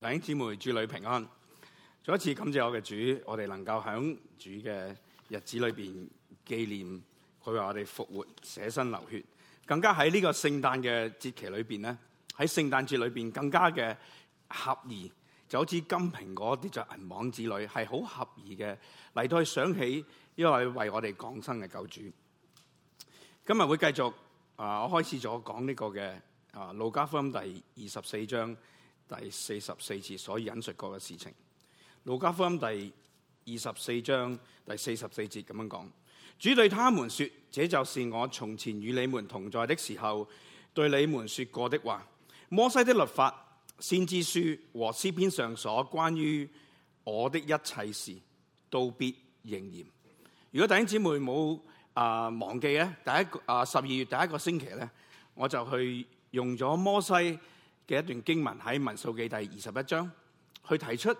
弟兄姊妹，主裏平安。再一次感謝我嘅主，我哋能夠喺主嘅日子裏邊紀念佢為我哋復活捨身流血，更加喺呢個聖誕嘅節期裏邊咧，喺聖誕節裏邊更加嘅合宜，就好似金蘋果跌在銀網子裏，係好合宜嘅嚟,到去想起一位為，為我哋降生嘅救主。今日會繼續啊，我開始咗講呢個嘅啊路加福音第二十四章。第四十四節所引述過嘅事情，《路加福音》第二十四章第四十四節咁樣講：主對他們說，這就是我從前與你們同在的時候，對你們說過的話。摩西的律法、先知書和詩篇上所關於我的一切事，都必應驗。如果弟兄姐妹冇啊、呃、忘記咧，第一啊十二月第一個星期咧，我就去用咗摩西。嘅一段經文喺民數記第二十一章，去提出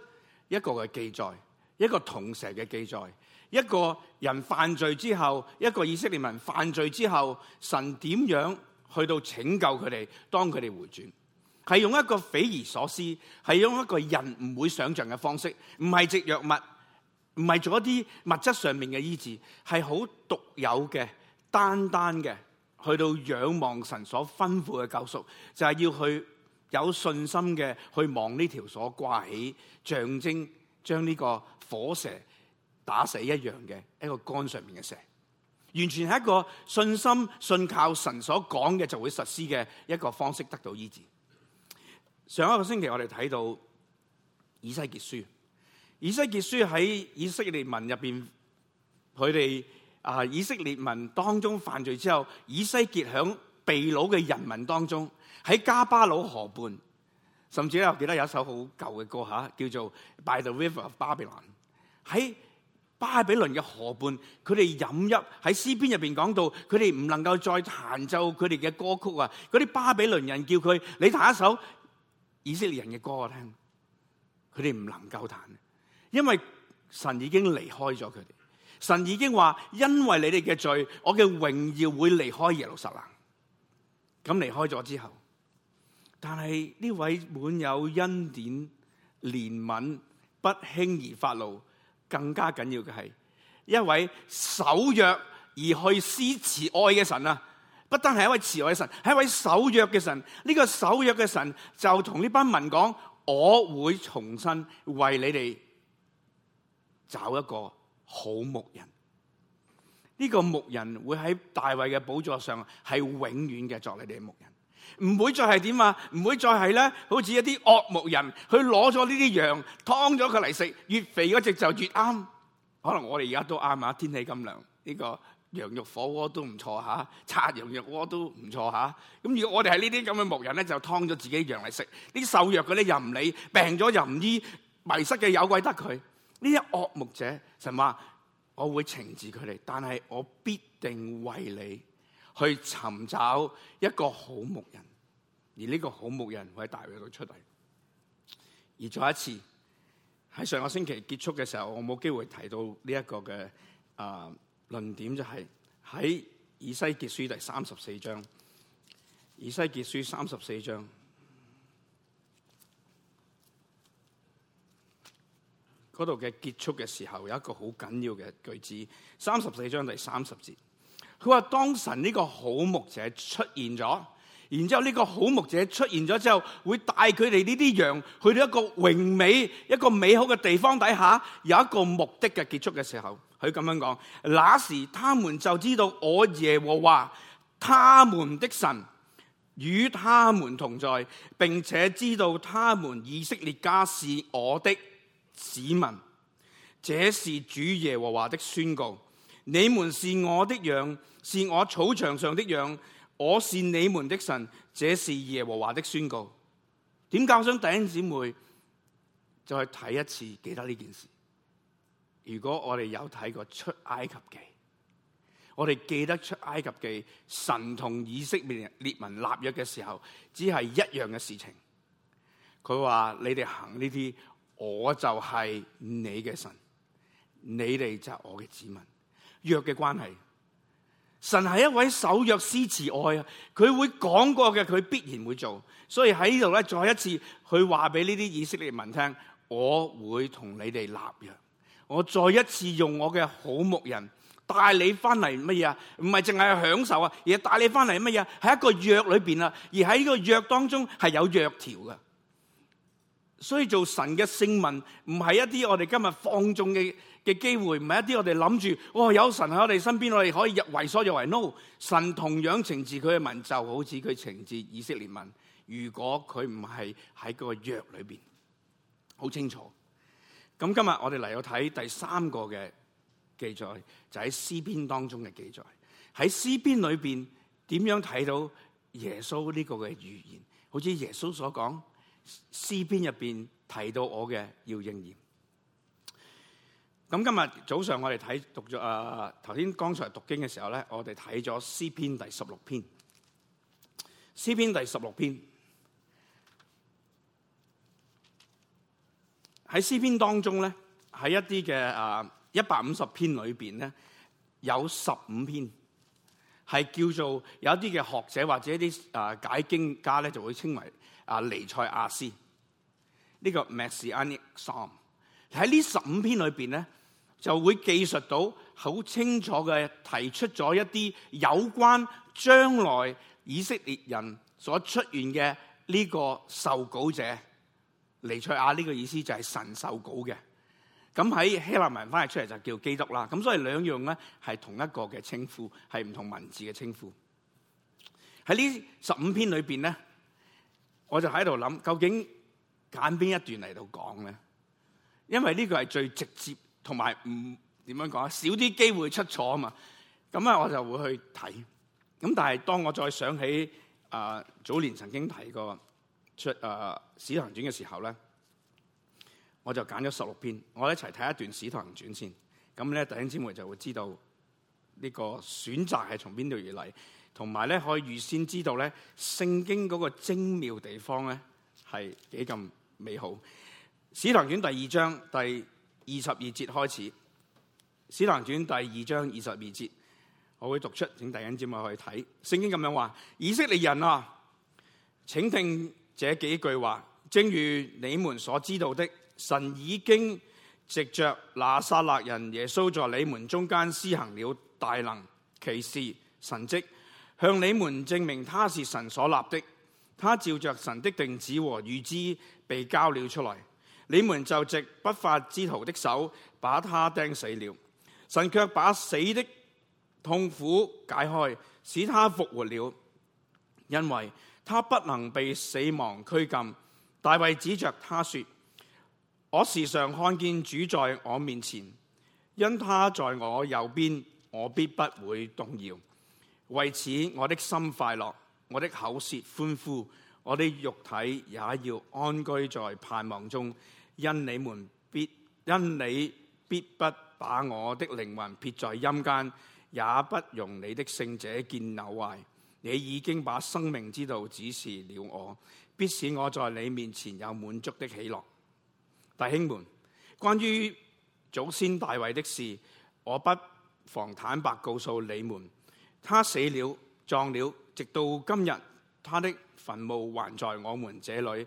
一個嘅記載，一個銅蛇嘅記載，一個人犯罪之後，一個以色列人犯罪之後，神點樣去到拯救佢哋，當佢哋回轉，係用一個匪夷所思，係用一個人唔會想象嘅方式，唔係食藥物，唔係做一啲物質上面嘅醫治，係好獨有嘅，單單嘅去到仰望神所吩咐嘅救贖，就係要去。有信心嘅去望呢條鎖掛起，象徵將呢個火蛇打死一樣嘅一個桿上面嘅蛇，完全係一個信心信靠神所講嘅就會實施嘅一個方式得到醫治。上一個星期我哋睇到以西結書，以西結書喺以色列民入邊，佢哋啊以色列民當中犯罪之後，以西結響被擄嘅人民當中。喺迦巴魯河畔，甚至咧，我記得有一首好舊嘅歌吓，叫做《By the River of Babylon》。喺巴比倫嘅河畔，佢哋飲泣，喺詩篇入邊講到，佢哋唔能夠再彈奏佢哋嘅歌曲啊！嗰啲巴比倫人叫佢，你彈一首以色列人嘅歌我聽，佢哋唔能夠彈，因為神已經離開咗佢哋。神已經話：因為你哋嘅罪，我嘅榮耀會離開耶路撒冷。咁離開咗之後。但係呢位滿有恩典、憐憫、不輕易發怒，更加緊要嘅係一位守約而去施慈愛嘅神啊！不單係一位慈愛嘅神，係一位守約嘅神。呢、這個守約嘅神就同呢班民講：我會重新為你哋找一個好牧人。呢、這個牧人會喺大衛嘅寶座上係永遠嘅作為你哋嘅牧人。唔會再係點啊？唔會再係咧，好似一啲惡牧人，佢攞咗呢啲羊，劏咗佢嚟食，越肥嗰隻就越啱。可能我哋而家都啱啊！天氣咁涼，呢個羊肉火鍋都唔錯吓，涮羊肉鍋都唔錯吓。咁如果我哋係呢啲咁嘅牧人咧，就劏咗自己羊嚟食，呢啲瘦弱嘅咧又唔理，病咗又唔醫，迷失嘅有鬼得佢。呢啲惡牧者，神話，我會懲治佢哋，但係我必定為你。去尋找一個好牧人，而呢個好牧人會喺大衛度出嚟。而再一次喺上個星期結束嘅時候，我冇機會提到呢一個嘅啊、呃、論點，就係、是、喺以西結書第三十四章。以西結書三十四章嗰度嘅結束嘅時候，有一個好緊要嘅句子，三十四章第三十節。佢話當神呢個好牧者出現咗，然之後呢個好牧者出現咗之後，會帶佢哋呢啲羊去到一個完美、一個美好嘅地方底下，有一個目的嘅結束嘅時候，佢咁樣講。 那時他們就知道我耶和華他們的神與他們同在，並且知道他們以色列家是我的子民。這是主耶和華的宣告。你們是我的羊，是我草場上的羊。我是你們的神，這是耶和華的宣告。點解，想弟兄姊妹再睇一次，記得呢件事。如果我哋有睇過出埃及記，我哋記得出埃及記神同以色列列民立約嘅時候，只係一樣嘅事情。佢話：你哋行呢啲，我就係你嘅神，你哋就係我嘅子民。約嘅關係，神係一位守約施慈愛啊！佢會講過的，他必然會做。所以喺呢度再一次佢話俾這些以色列民聽：我會同你哋立約。我再一次用我的好牧人帶你翻嚟乜嘢啊？唔係淨係享受啊，而係帶你翻嚟乜嘢？係一個約裏面啊，而喺呢個約當中係有約條嘅。所以做神嘅聖民，唔係一啲我哋今日放縱嘅嘅機會，唔係一啲我哋諗住，哦，有神喺我哋身邊，我哋可以為所欲為。no，神同樣懲治佢嘅民，就好似佢懲治以色列民。如果佢唔係喺 𠮶 個約裏邊，好清楚。咁今日我哋嚟到睇第三個嘅記載，就喺、是、詩篇當中嘅記載。喺詩篇裏邊點樣睇到耶穌呢個嘅預言？好似耶穌所講。詩篇入邊提到我嘅要應驗。咁今日早上我哋睇讀咗啊，頭先、呃、剛才讀經嘅時候咧，我哋睇咗詩篇第十六篇。詩篇第十六篇喺詩篇當中咧，喺一啲嘅啊一百五十篇裏邊咧，有十五篇係叫做有一啲嘅學者或者一啲啊解經家咧就會稱為。啊！尼塞亞斯，呢、這個 Maxian 的詩喺呢十五篇裏邊咧，就會記述到好清楚嘅提出咗一啲有關將來以色列人所出現嘅呢個受稿者尼塞亞，呢個意思就係神受稿嘅。咁喺希臘文翻譯出嚟就叫基督啦。咁所以兩樣咧係同一個嘅稱呼，係唔同文字嘅稱呼。喺呢十五篇裏邊咧。我就喺度諗，究竟揀邊一段嚟到講咧？因為呢個係最直接，同埋唔點樣講啊？少啲機會出錯啊嘛！咁啊，我就會去睇。咁但係當我再想起啊、呃、早年曾經提過出啊、呃《史談傳》嘅時候咧，我就揀咗十六篇，我一齊睇一段《史談傳》先。咁咧，弟兄姊妹就會知道呢個選擇係從邊度而嚟。同埋咧，可以預先知道咧，聖經嗰個精妙地方咧係幾咁美好。《使徒行傳》第二章第二十二節開始，《使徒行傳》第二章二十二節，我會讀出，請大家接埋去睇。聖經咁樣話：以色列人啊，請聽這幾句話。正如你們所知道的，神已經藉着拿撒勒人耶穌在你們中間施行了大能、奇事、神跡。向你們證明他是神所立的，他照着神的定旨和預知被交了出來。你們就藉不法之徒的手把他釘死了。神卻把死的痛苦解開，使他復活了，因為他不能被死亡拘禁。大衛指着他說：我時常看見主在我面前，因他在我右邊，我必不會動搖。為此，我的心快樂，我的口舌歡呼，我的肉體也要安居在盼望中。因你們必因你必不把我的靈魂撇在陰間，也不容你的聖者見朽壞。你已經把生命之道指示了我，必使我在你面前有滿足的喜樂。弟兄們，關於祖先大衛的事，我不妨坦白告訴你們。他死了，葬了，直到今日，他的墳墓還在我們這裏。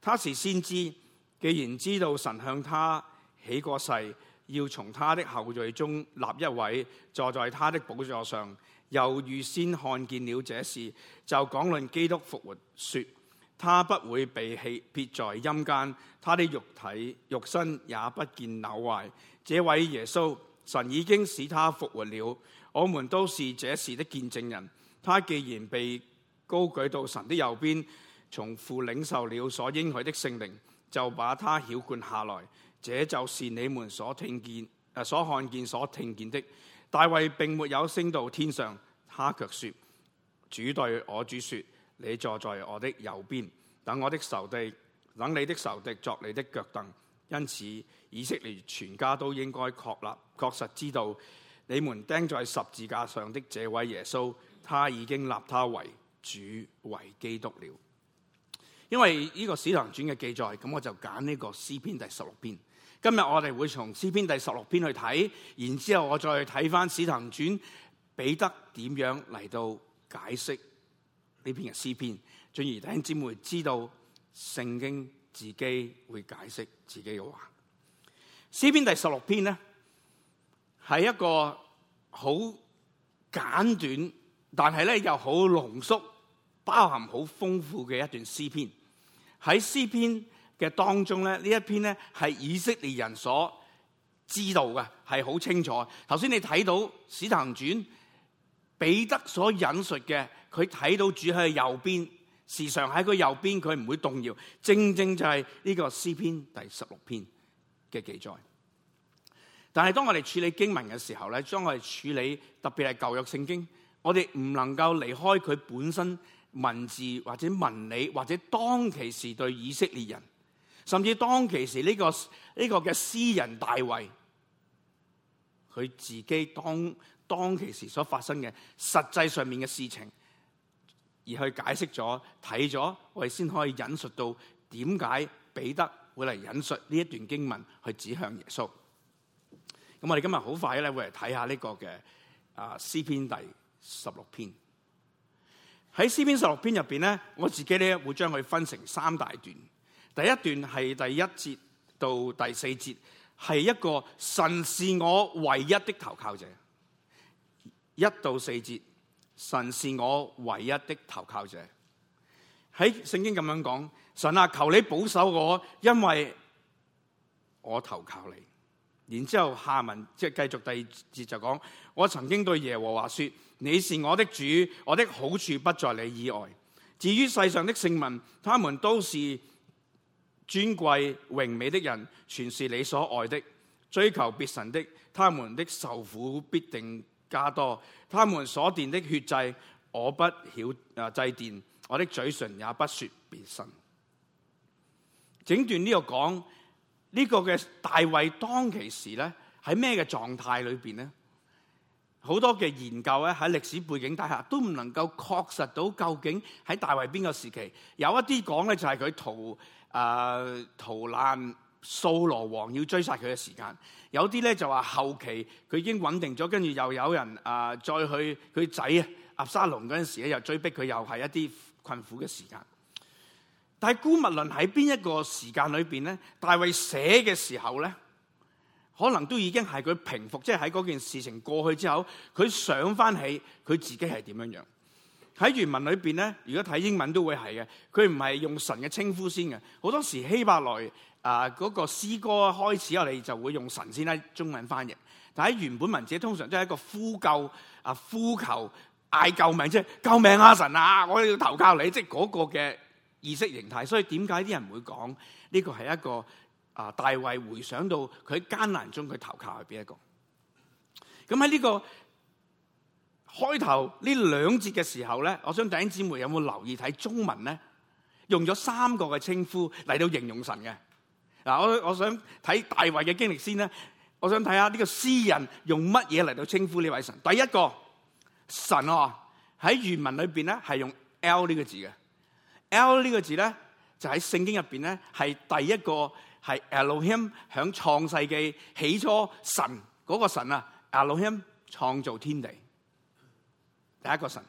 他是先知，既然知道神向他起過誓，要從他的後裔中立一位坐在他的寶座上，又預先看見了這事，就講論基督復活說，說他不會被棄撇在陰間，他的肉體肉身也不見朽壞。這位耶穌，神已經使他復活了。我們都是這事的見證人，他既然被高舉到神的右邊，從父領受了所應許的聖靈，就把他澆灌下來。這就是你們所聽見、所看見、所聽見的。大衛並沒有升到天上，他却說：主對我主說，你坐在我的右邊，等我的仇敵，等你的仇敵作你的腳凳。因此，以色列全家都應該確立、確實知道。你們釘在十字架上的這位耶穌，他已經立他為主、為基督了。因為呢個《使徒行傳》嘅記載，咁我就揀呢個詩篇第十六篇。今日我哋會從詩篇第十六篇去睇，然之後我再睇返《使徒行傳》，彼得點樣嚟到解釋呢篇嘅詩篇，進而弟兄姊妹知道聖經自己會解釋自己嘅話。詩篇第十六篇呢。係一個好簡短，但係咧又好濃縮，包含好豐富嘅一段詩篇。喺詩篇嘅當中咧，呢一篇咧係以色列人所知道嘅，係好清楚。頭先你睇到《使徒行傳》，彼得所引述嘅，佢睇到主喺右邊，時常喺佢右邊，佢唔會動搖。正正就係呢個詩篇第十六篇嘅記載。但係，當我哋處理經文嘅時候咧，將我哋處理特別係舊約聖經，我哋唔能夠離開佢本身文字或者文理或者當其時對以色列人，甚至當其時呢個呢個嘅詩人大衛，佢自己當當其時所發生嘅實際上面嘅事情，而去解釋咗睇咗，我哋先可以引述到點解彼得會嚟引述呢一段經文去指向耶穌。咁我哋今日好快咧會嚟睇下呢個嘅啊詩篇第十六篇。喺詩篇十六篇入邊咧，我自己咧會將佢分成三大段。第一段係第一節到第四節，係一個神是我唯一的投靠者。一到四節，神是我唯一的投靠者。喺聖經咁樣講，神啊，求你保守我，因為我投靠你。然之後，下文即係繼續第二節就講：我曾經對耶和華說，你是我的主，我的好處不在你以外。至於世上的聖民，他們都是尊貴榮美的人，全是你所愛的。追求別神的，他們的受苦必定加多。他們所奠的血祭，我不曉啊祭奠，我的嘴唇也不説別神。整段呢個講。這個呢個嘅大衛當其時咧，喺咩嘅狀態裏邊咧？好多嘅研究咧，喺歷史背景底下都唔能夠確實到究竟喺大衛邊個時期。有一啲講咧就係佢逃誒逃難掃羅王要追殺佢嘅時間，有啲咧就話後期佢已經穩定咗，跟住又有人啊、呃、再去佢仔啊押沙龍嗰陣時咧又追逼佢，又係一啲困苦嘅時間。但係姑勿論喺邊一個時間裏邊咧，大衛寫嘅時候咧，可能都已經係佢平復，即係喺嗰件事情過去之後，佢想翻起佢自己係點樣樣。喺原文裏邊咧，如果睇英文都會係嘅，佢唔係用神嘅稱呼先嘅。好多時希伯來啊，嗰個詩歌開始，我哋就會用神先喺中文翻譯。但喺原本文字通常都係一個呼救啊、呼求、求、嗌救命，即、就、係、是、救命啊！神啊，我要投靠你，即係嗰個嘅。意識形態，所以點解啲人會講呢個係一個啊大衛回想到佢喺艱難中佢投靠係邊一個？咁喺呢個開頭呢兩節嘅時候咧，我想弟兄姊妹有冇留意睇中文咧？用咗三個嘅稱呼嚟到形容神嘅嗱，我我想睇大衛嘅經歷先啦。我想睇下呢個詩人用乜嘢嚟到稱呼呢位神？第一個神哦喺原文裏邊咧係用 L 呢個字嘅。L 呢個字咧，就喺聖經入邊咧，係第一個係 Elohim 喺創世紀起初的神嗰、嗰個神啊，Elohim 創造天地，第一個神。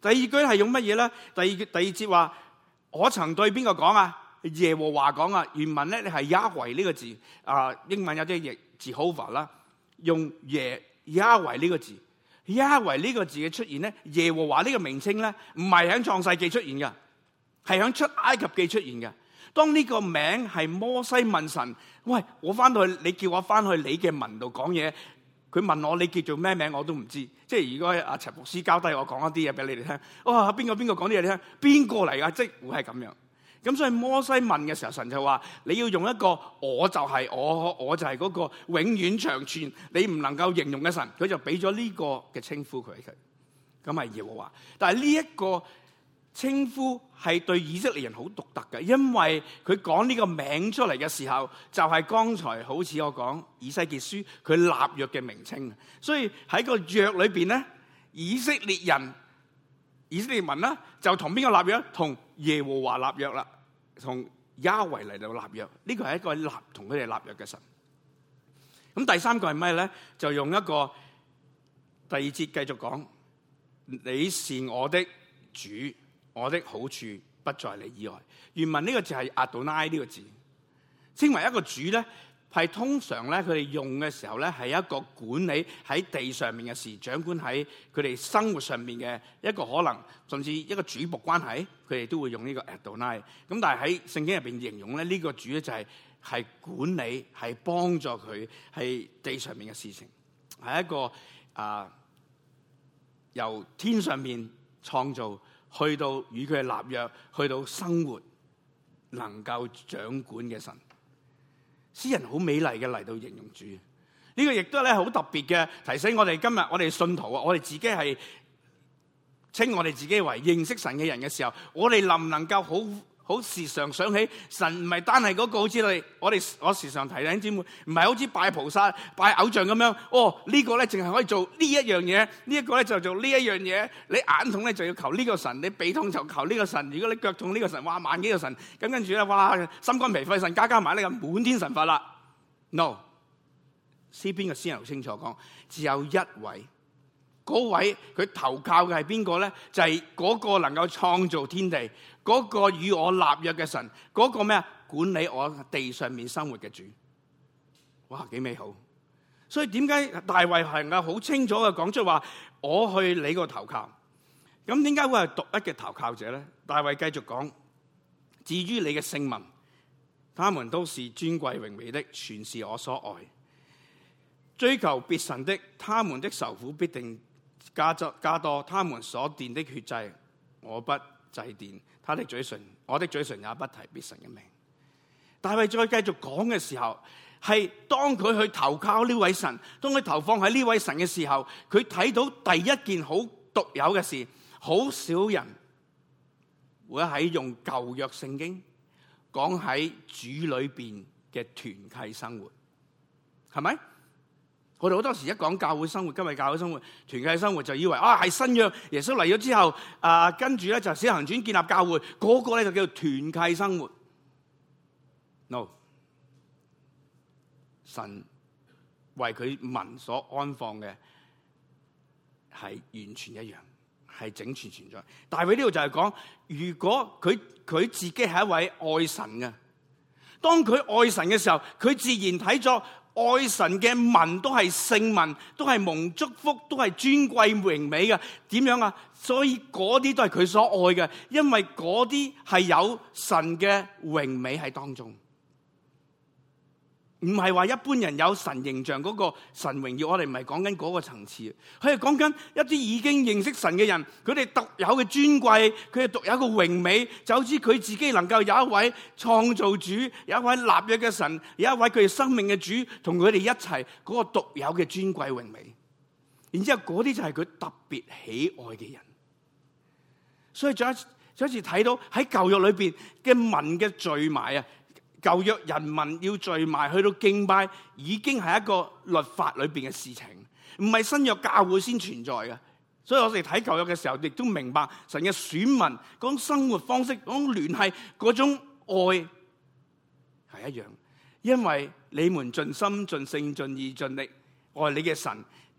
第二句係用乜嘢咧？第二第二節話我曾對邊個講啊？耶和華講啊。原文咧你係亞維呢個字啊、呃，英文有啲譯 Jehovah 啦，用耶亞維呢個字，亞維呢個字嘅出現咧，耶和華呢個名稱咧，唔係喺創世紀出現噶。係響出埃及記出現嘅，當呢個名係摩西問神：，喂，我翻到去，你叫我翻去你嘅文度講嘢。佢問我你叫做咩名字，我都唔知道。即係如果阿查牧師交低我,我講一啲嘢俾你哋聽，哇、哦，邊個邊個講啲嘢聽？邊個嚟噶？即會係咁樣。咁所以摩西問嘅時候，神就話：你要用一個我就係、是、我，我就係嗰個永遠長存，你唔能夠形容嘅神。佢就俾咗呢個嘅稱呼佢佢。咁啊，耶和華。但係呢一個。稱呼係對以色列人好獨特嘅，因為佢講呢個名出嚟嘅時候，就係、是、剛才好似我講《以西結書》，佢立約嘅名稱。所以喺個約裏邊咧，以色列人、以色列民啦，就同邊個立約？同耶和華立約啦，同亞維嚟度立約。呢個係一個立同佢哋立約嘅神。咁第三個係咩咧？就用一個第二節繼續講，你是我的主。我的好處不在你以外。原文呢個字係阿多乃呢個字，稱為一個主咧，係通常咧佢哋用嘅時候咧係一個管理喺地上面嘅事，掌管喺佢哋生活上面嘅一個可能，甚至一個主僕關係，佢哋都會用呢個阿多乃。咁但係喺聖經入邊形容咧，呢、這個主咧就係、是、係管理，係幫助佢係地上面嘅事情，係一個啊、呃、由天上面創造。去到與佢立約，去到生活能夠掌管嘅神，詩人好美麗嘅嚟到形容主，呢、這個亦都咧好特別嘅提醒我哋今日我哋信徒啊，我哋自己係稱我哋自己為認識神嘅人嘅時候，我哋能唔能夠好？好時常想起，神唔係單係嗰個，好似你，我哋我時常提醒姊妹，唔係好似拜菩薩、拜偶像咁樣。哦，這個、呢個咧淨係可以做一、這個、呢一樣嘢，呢一個咧就做呢一樣嘢。你眼痛咧就要求呢個神，你鼻痛就求呢個神。如果你腳痛呢個神，話萬幾個神咁跟住咧，哇心肝脾肺腎加加埋咧，滿天神佛啦。No，邊個先好清楚講？只有一位，嗰位佢投靠嘅係邊個咧？就係、是、嗰個能夠創造天地。嗰個與我立約嘅神，嗰、那個咩啊？管理我地上面生活嘅主，哇，幾美好！所以點解大衛係啊好清楚嘅講出話，我去你個投靠。咁點解會係獨一嘅投靠者咧？大衛繼續講，至於你嘅聖民，他們都是尊貴榮美的，全是我所愛。追求別神的，他們的愁苦必定加增加多，他們所奠的血祭，我不。祭奠他的嘴唇，我的嘴唇也不提別神嘅名。但係再繼續講嘅時候，係當佢去投靠呢位神，當佢投放喺呢位神嘅時候，佢睇到第一件好獨有嘅事，好少人會喺用舊約聖經講喺主裏邊嘅團契生活，係咪？我哋好多時一講教會生活、今日教會生活、團契生活，就以為啊係新約耶穌嚟咗之後啊，跟住咧就使行傳建立教會，那個個咧就叫做團契生活。No，神為佢民所安放嘅係完全一樣，係整全存在。大衛呢度就係講，如果佢佢自己係一位愛神嘅，當佢愛神嘅時候，佢自然睇咗。愛神嘅民都係聖民，都係蒙祝福，都係尊貴榮美嘅。點樣啊？所以嗰啲都係佢所愛嘅，因為嗰啲係有神嘅榮美喺當中。唔係話一般人有神形象嗰個神榮耀，我哋唔係講緊嗰個層次，佢係講緊一啲已經認識神嘅人，佢哋特有嘅尊貴，佢哋獨有一個榮美，就好似佢自己能夠有一位創造主，有一位立約嘅神，有一位佢哋生命嘅主，同佢哋一齊嗰個獨有嘅尊貴榮美。然之後嗰啲就係佢特別喜愛嘅人，所以再再一次睇到喺舊約裏邊嘅文嘅聚埋啊！舊約人民要聚埋去到敬拜，已經係一個律法裏面嘅事情，唔係新約教會先存在嘅。所以我哋睇舊約嘅時候，亦都明白神嘅選民嗰種生活方式、嗰種聯繫、嗰種愛係一樣。因為你們盡心、盡性、盡意、盡力愛你嘅神，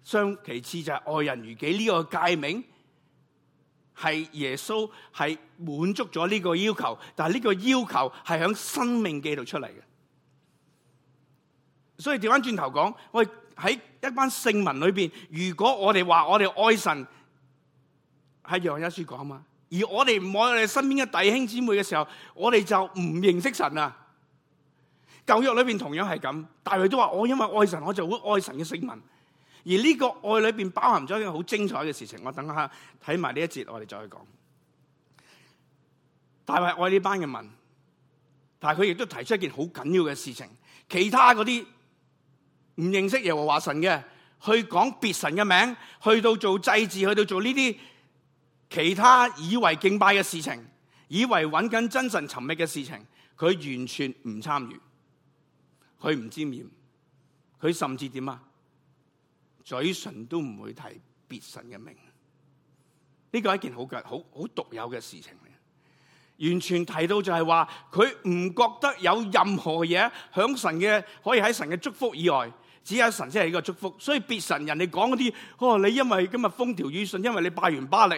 相其次就係愛人如己呢個誡命。係耶穌係滿足咗呢個要求，但係呢個要求係喺生命記錄出嚟嘅。所以調翻轉頭講，我哋喺一班聖文裏邊，如果我哋話我哋愛神，係楊一書講嘛，而我哋唔愛我哋身邊嘅弟兄姊妹嘅時候，我哋就唔認識神啊。舊約裏邊同樣係咁，大衛都話我因為愛神，我就會愛神嘅聖文。而呢個愛裏邊包含咗一件好精彩嘅事情，我等下睇埋呢一節，我哋再去講。但係愛呢班嘅民，但係佢亦都提出一件好緊要嘅事情，其他嗰啲唔認識耶和華神嘅，去講別神嘅名，去到做祭祀，去到做呢啲其他以為敬拜嘅事情，以為揾緊真神尋覓嘅事情，佢完全唔參與，佢唔沾染，佢甚至點啊？嘴唇都唔會提別神嘅名，呢、這個係一件好嘅、好好獨有嘅事情嚟。完全提到就係話，佢唔覺得有任何嘢響神嘅，可以喺神嘅祝福以外，只有神先係一個祝福。所以別神人哋講嗰啲，哦，你因為今日風調雨順，因為你拜完巴力，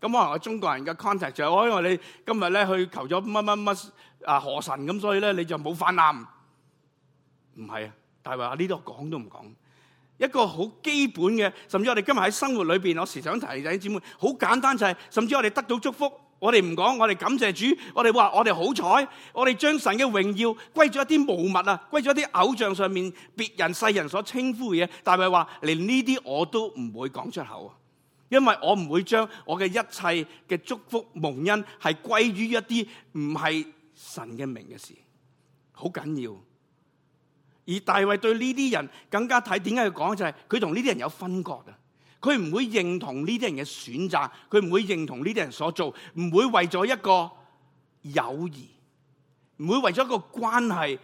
咁可能我中國人嘅 contact 就係、是、我因為你今日咧去求咗乜乜乜啊河神咁，所以咧你就冇泛濫。唔係啊，大衛啊呢度講都唔講。一個好基本嘅，甚至我哋今日喺生活裏邊，我時常提醒，仔姊妹好簡單就係、是，甚至我哋得到祝福，我哋唔講，我哋感謝主，我哋話我哋好彩，我哋將神嘅榮耀歸咗一啲無物啊，歸咗一啲偶像上面，別人世人所稱呼嘅嘢，但係話連呢啲我都唔會講出口啊，因為我唔會將我嘅一切嘅祝福蒙恩係歸於一啲唔係神嘅名嘅事，好緊要。而大衛對呢啲人更加睇，點解佢講就係佢同呢啲人有分割，啊！佢唔會認同呢啲人嘅選擇，佢唔會認同呢啲人所做，唔會為咗一個友誼，唔會為咗一個關係，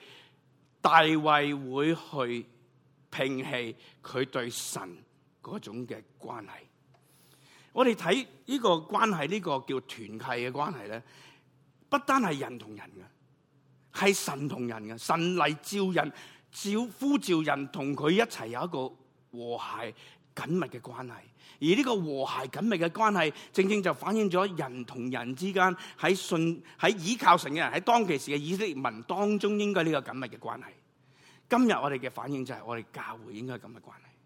大衛會去摒棄佢對神嗰種嘅關係。我哋睇呢個關係呢、呢個叫團契嘅關係咧，不單係人同人嘅，係神同人嘅，神嚟招引。召呼召人同佢一齊有一個和諧緊密嘅關係，而呢個和諧緊密嘅關係，正正就反映咗人同人之間喺信喺倚靠神嘅人，喺當其時嘅以色列民當中應該呢個緊密嘅關係。今日我哋嘅反應就係我哋教會應該係咁嘅關係。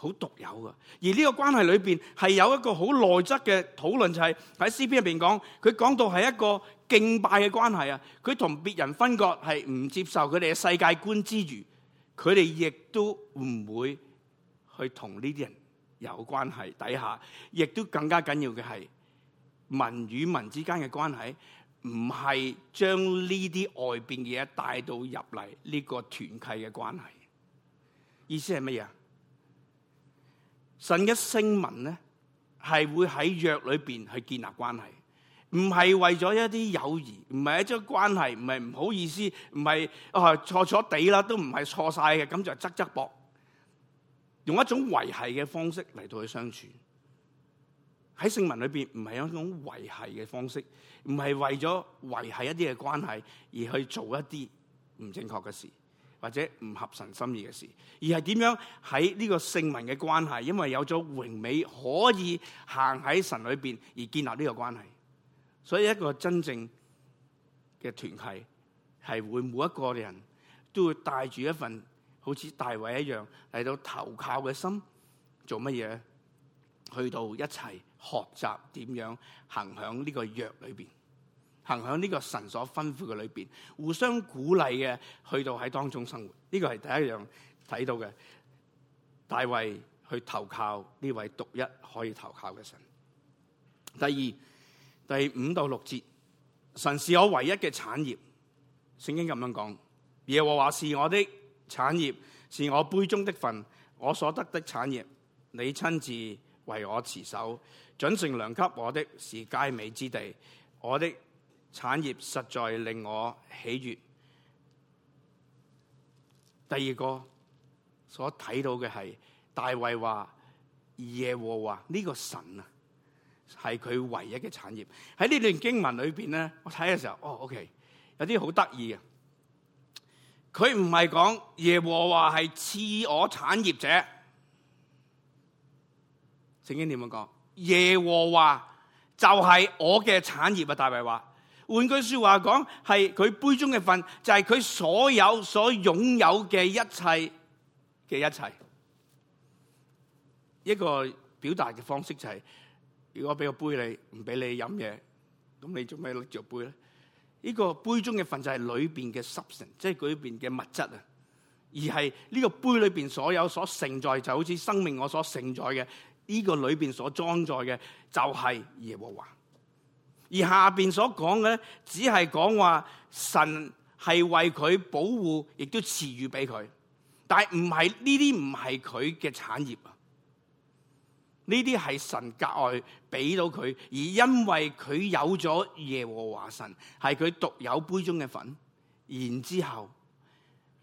好獨有㗎，而呢個關係裏邊係有一個好內質嘅討論，就係喺詩篇入邊講，佢講到係一個敬拜嘅關係啊，佢同別人分割係唔接受佢哋嘅世界觀之餘，佢哋亦都唔會去同呢啲人有關係。底下亦都更加緊要嘅係民與民之間嘅關係，唔係將呢啲外邊嘅嘢帶到入嚟呢個團契嘅關係。意思係乜嘢？神嘅聖文咧，係會喺約裏邊去建立關係，唔係為咗一啲友誼，唔係一張關係，唔係唔好意思，唔係啊錯錯地啦，都唔係錯晒嘅，咁就側側膊，用一種維繫嘅方式嚟到去相處。喺聖文裏邊唔係一種維繫嘅方式，唔係為咗維繫一啲嘅關係而去做一啲唔正確嘅事。或者唔合神心意嘅事，而係點樣喺呢個聖民嘅關係，因為有咗榮美，可以行喺神裏邊而建立呢個關係，所以一個真正嘅團契，係會每一個人都會帶住一份好似大衛一樣嚟到投靠嘅心，做乜嘢？去到一齊學習點樣行響呢個約裏邊。行喺呢個神所吩咐嘅裏邊，互相鼓勵嘅，去到喺當中生活。呢、這個係第一樣睇到嘅。大衛去投靠呢位獨一可以投靠嘅神。第二、第五到六節，神是我唯一嘅產業。聖經咁樣講：耶和華是我的產業，是我杯中的份，我所得的產業。你親自為我持守，準繩量給我的是佳美之地。我的產業實在令我喜悦。第二個所睇到嘅係大衛話耶和華呢個神啊，係佢唯一嘅產業。喺呢段經文裏邊咧，我睇嘅時候，哦，OK，有啲好得意啊。佢唔係講耶和華係賜我產業者。正經點樣講？耶和華就係我嘅產業啊！大衛話。換句話說話講，係佢杯中嘅份就係、是、佢所有所擁有嘅一切嘅一切。一個表達嘅方式就係、是，如果俾個杯你，唔俾你飲嘢，咁你做咩拎住杯咧？呢個杯中嘅份就係裏邊嘅 substance，即係裏邊嘅物質啊，而係呢個杯裏邊所有所承載，就好似生命我所承載嘅呢個裏邊所裝載嘅，就係、是、耶和華。而下邊所講嘅，只係講話神係為佢保護，亦都賜予俾佢。但係唔係呢啲，唔係佢嘅產業啊。呢啲係神格外俾到佢，而因為佢有咗耶和華神，係佢獨有杯中嘅粉。然之後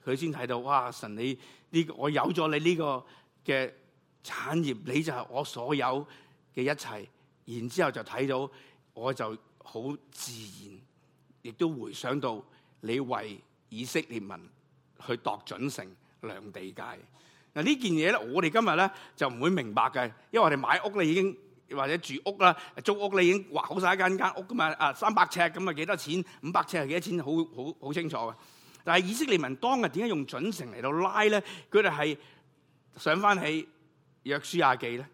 佢先睇到，哇！神你呢，我有咗你呢個嘅產業，你就係我所有嘅一切。然之後就睇到。我就好自然，亦都回想到你為以色列民去度準城量地界。嗱呢件嘢咧，我哋今日咧就唔會明白嘅，因為我哋買屋咧已經或者住屋啦，租屋你已經劃好晒一間間屋噶嘛，啊三百尺咁啊幾多錢，五百尺係幾多錢，好好好清楚嘅。但係以色列民當日點解用準城嚟到拉咧？佢哋係上翻起約書亞記咧，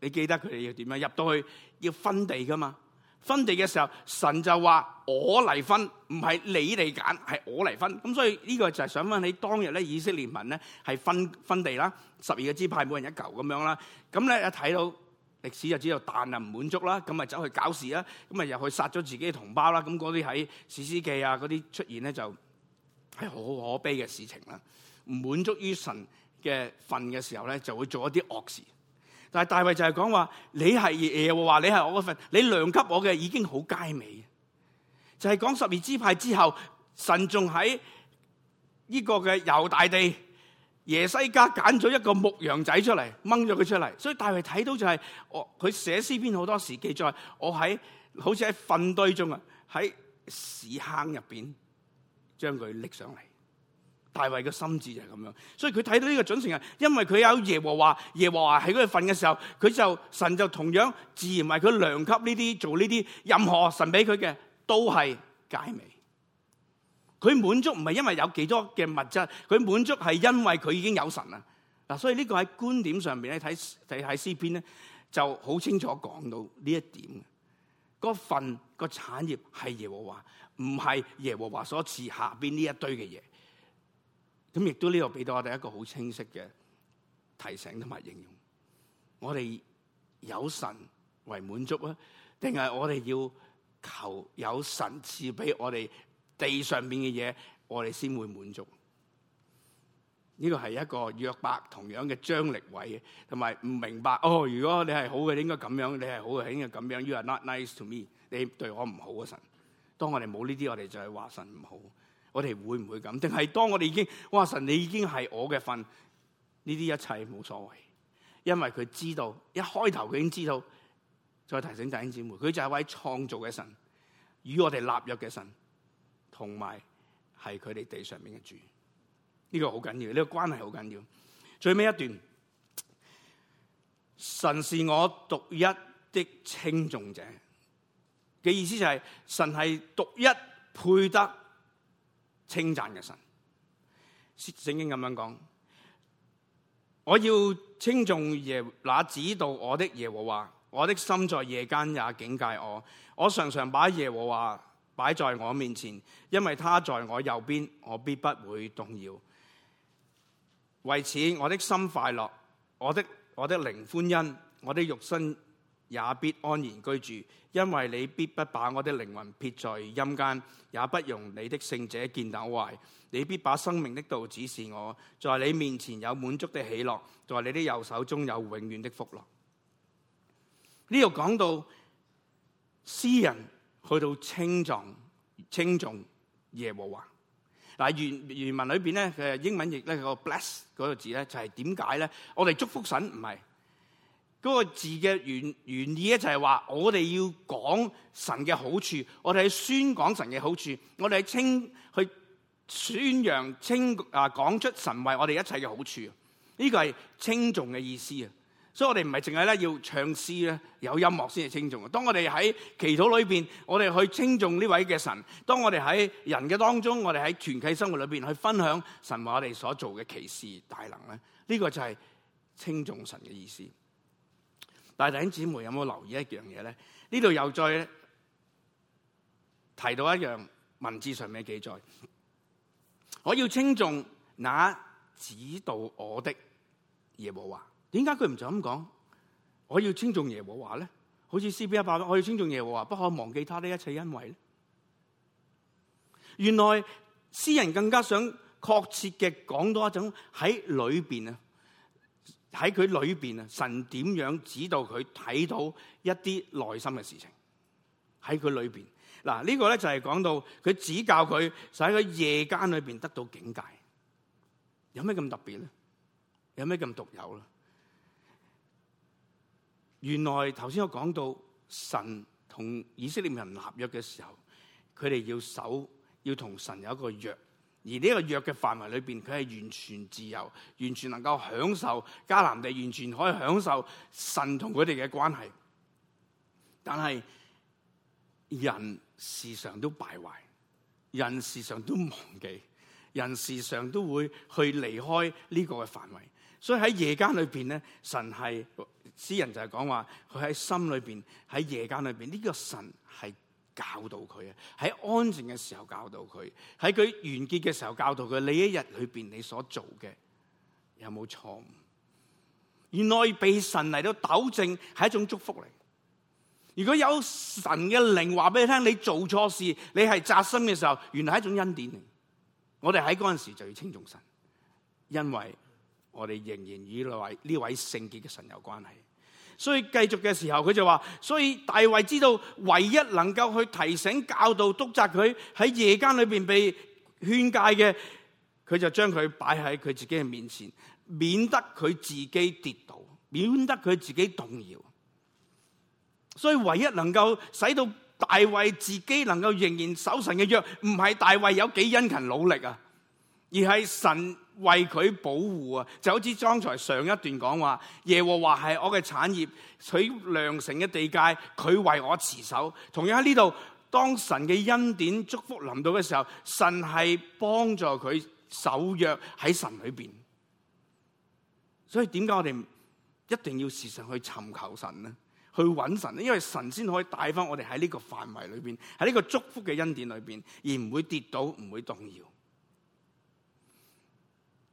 你記得佢哋要點樣入到去要分地噶嘛？分地嘅時候，神就話：我嚟分，唔係你嚟揀，係我嚟分。咁所以呢個就係想返起當日咧，以色列民咧係分分地啦，十二個支派每人一嚿咁樣啦。咁咧一睇到歷史就知道但不滿足，但係唔滿足啦，咁咪走去搞事啦，咁咪又去殺咗自己嘅同胞啦。咁嗰啲喺士師記啊嗰啲出現咧，就係好可悲嘅事情啦。唔滿足於神嘅份嘅時候咧，就會做一啲惡事。但係大衛就係講話，你係耶和華，你係我嗰份，你量給我嘅已經好佳美了，就係、是、講十二支派之後，神仲喺呢個嘅猶大地耶西家揀咗一個牧羊仔出嚟，掹咗佢出嚟，所以大衛睇到就係、是、我佢寫詩篇好多時記載，我喺好似喺糞堆中啊，喺屎坑入邊將佢拎上嚟。大衛嘅心智就係咁樣，所以佢睇到呢個準成啊，因為佢有耶和華，耶和華喺佢份嘅時候，佢就神就同樣自然為佢量級呢啲做呢啲，任何神俾佢嘅都係佳美。佢滿足唔係因為有幾多嘅物質，佢滿足係因為佢已經有神啊。嗱，所以呢個喺觀點上邊咧，睇睇睇詩篇咧就好清楚講到呢一點。嗰份個產業係耶和華，唔係耶和華所賜下邊呢一堆嘅嘢。咁亦都呢個俾到我哋一個好清晰嘅提醒同埋應用。我哋有神為滿足啊，定係我哋要求有神賜俾我哋地上面嘅嘢，我哋先會滿足。呢個係一個約伯同樣嘅張力位，同埋唔明白。哦，如果你係好嘅，應該咁樣；你係好嘅，應該咁樣。You are not nice to me，你對我唔好啊！神，當我哋冇呢啲，我哋就係話神唔好。我哋會唔會咁？定係當我哋已經，哇！神你已經係我嘅份，呢啲一切冇所謂，因為佢知道，一開頭佢已經知道。再提醒弟兄姊妹，佢就係一位創造嘅神，與我哋立約嘅神，同埋係佢哋地上面嘅主。呢個好緊要，呢個關係好緊要。最尾一段，神是我獨一的稱重者嘅意思就係，神係獨一配得。稱讚嘅神，聖經咁樣講：我要稱頌耶那指導我的耶和華，我的心在夜間也警戒我。我常常把耶和華擺在我面前，因為他在我右邊，我必不會動搖。為此，我的心快樂，我的我的靈歡欣，我的肉身。也必安然居住，因為你必不把我的靈魂撇在陰間，也不容你的聖者見到壞。你必把生命的道指示我，在你面前有滿足的喜樂，在你的右手中有永遠的福樂。呢度講到詩人去到稱頌，稱頌耶和華。嗱，原原文裏邊咧，佢英文譯咧、呢個 bless 嗰個字咧，就係點解咧？我哋祝福神唔係。嗰個字嘅原原意咧就係話，我哋要講神嘅好處，我哋去宣講神嘅好處，我哋去稱去宣揚、稱啊講出神為我哋一切嘅好處。呢個係稱頌嘅意思啊！所以我哋唔係淨係咧要唱詩咧，有音樂先係稱頌。當我哋喺祈禱裏邊，我哋去稱頌呢位嘅神；當我哋喺人嘅當中，我哋喺團契生活裏邊去分享神為我哋所做嘅奇事大能咧，呢個就係稱頌神嘅意思。弟兄姊妹有冇有留意一樣嘢咧？呢度又再提到一樣文字上面嘅記載，我要稱頌那指導我的耶和華。點解佢唔就咁講，我要稱頌耶和華呢？好似詩篇一百，我要稱頌耶和華，不可忘記他的一切恩惠。因為原來詩人更加想確切嘅講到一種喺裏面。喺佢裏邊啊，神點樣指導佢睇到一啲內心嘅事情？喺佢裏邊，嗱、這、呢個咧就係講到佢指教佢，使佢夜間裏邊得到警戒。有咩咁特別咧？有咩咁獨有咧？原來頭先我講到神同以色列人立約嘅時候，佢哋要守，要同神有一個約。而呢個約嘅範圍裏邊，佢係完全自由，完全能夠享受迦南地，完全可以享受神同佢哋嘅關係。但係人時常都敗壞，人時常都忘記，人時常都會去離開呢個嘅範圍。所以喺夜間裏邊咧，神係詩人就係講話，佢喺心裏邊，喺夜間裏邊呢個神係。教導佢啊，喺安靜嘅時候教導佢，喺佢完結嘅時候教導佢，你一日裏邊你所做嘅，有冇錯誤？原來被神嚟到糾正係一種祝福嚟。如果有神嘅靈話俾你聽，你做錯事，你係扎心嘅時候，原來係一種恩典嚟。我哋喺嗰陣時就要稱頌神，因為我哋仍然與呢位呢位聖潔嘅神有關係。所以繼續嘅時候，佢就話：「所以大衛知道唯一能夠去提醒、教導、督責佢喺夜間裏面被勸戒嘅，佢就將佢擺喺佢自己嘅面前，免得佢自己跌倒，免得佢自己動搖。所以唯一能夠使到大衛自己能夠仍然守神嘅約，唔係大衛有幾殷勤努力啊！而係神為佢保護啊，就好似剛才上一段講話，耶和華係我嘅產業，取量成嘅地界，佢為我持守。同樣喺呢度，當神嘅恩典祝福臨到嘅時候，神係幫助佢守約喺神裏邊。所以點解我哋一定要時常去尋求神呢？去揾神呢？因為神先可以帶翻我哋喺呢個範圍裏邊，喺呢個祝福嘅恩典裏邊，而唔會跌倒，唔會動搖。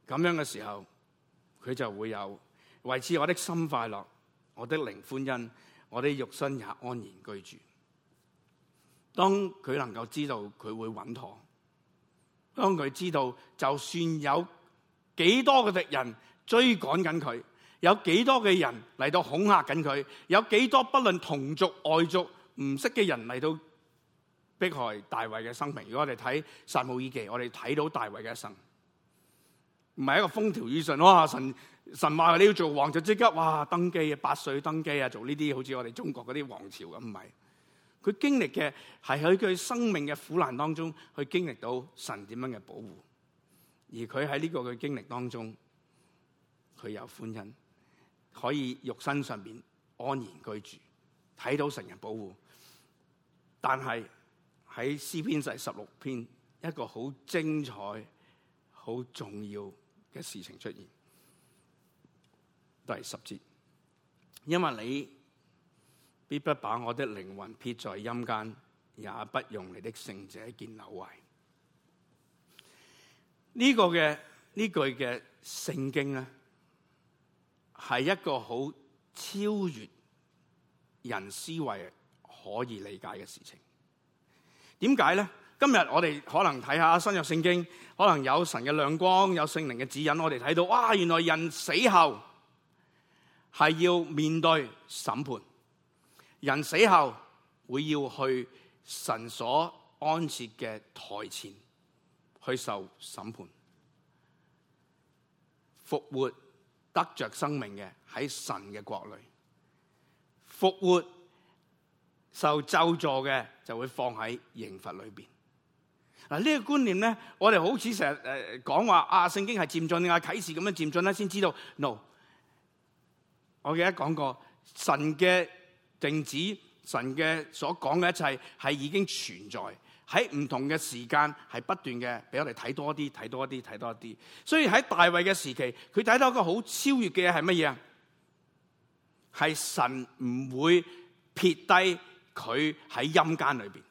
咁樣嘅時候，佢就會有為此，我的心快樂，我的靈歡欣，我的肉身也安然居住。當佢能夠知道佢會穩妥，當佢知道就算有幾多嘅敵人追趕緊佢，有幾多嘅人嚟到恐嚇緊佢，有幾多不論同族外族唔識嘅人嚟到迫害大衛嘅生命。如果我哋睇撒母耳記，我哋睇到大衛嘅一生。唔係一個風調雨順，哇、哦！神神話你要做王就即刻哇登基，八歲登基啊，做呢啲好似我哋中國嗰啲王朝咁，唔係。佢經歷嘅係喺佢生命嘅苦難當中去經歷到神點樣嘅保護，而佢喺呢個嘅經歷當中，佢有歡欣，可以肉身上面安然居住，睇到神人保護。但係喺詩篇第十六篇一個好精彩、好重要。嘅事情出現，第十節，因為你必不把我的靈魂撇在陰間，也不用你的聖者見朽壞。呢、這個嘅呢句嘅聖經咧，係一個好超越人思維可以理解嘅事情。點解咧？今日我哋可能睇下新約聖經，可能有神嘅亮光，有聖靈嘅指引。我哋睇到，哇！原來人死後係要面對審判，人死後會要去神所安置嘅台前去受審判，復活得着生命嘅喺神嘅國裏，復活受咒詛嘅就會放喺刑罰裏面。嗱，呢個觀念咧，我哋好似成日誒講話啊，聖經係漸進定，啟示咁樣漸進啦，先知道。no，我記得講過，神嘅定旨，神嘅所講嘅一切係已經存在，喺唔同嘅時間係不斷嘅，俾我哋睇多啲，睇多啲，睇多啲。所以喺大衛嘅時期，佢睇到一個好超越嘅嘢係乜嘢啊？係神唔會撇低佢喺陰間裏邊。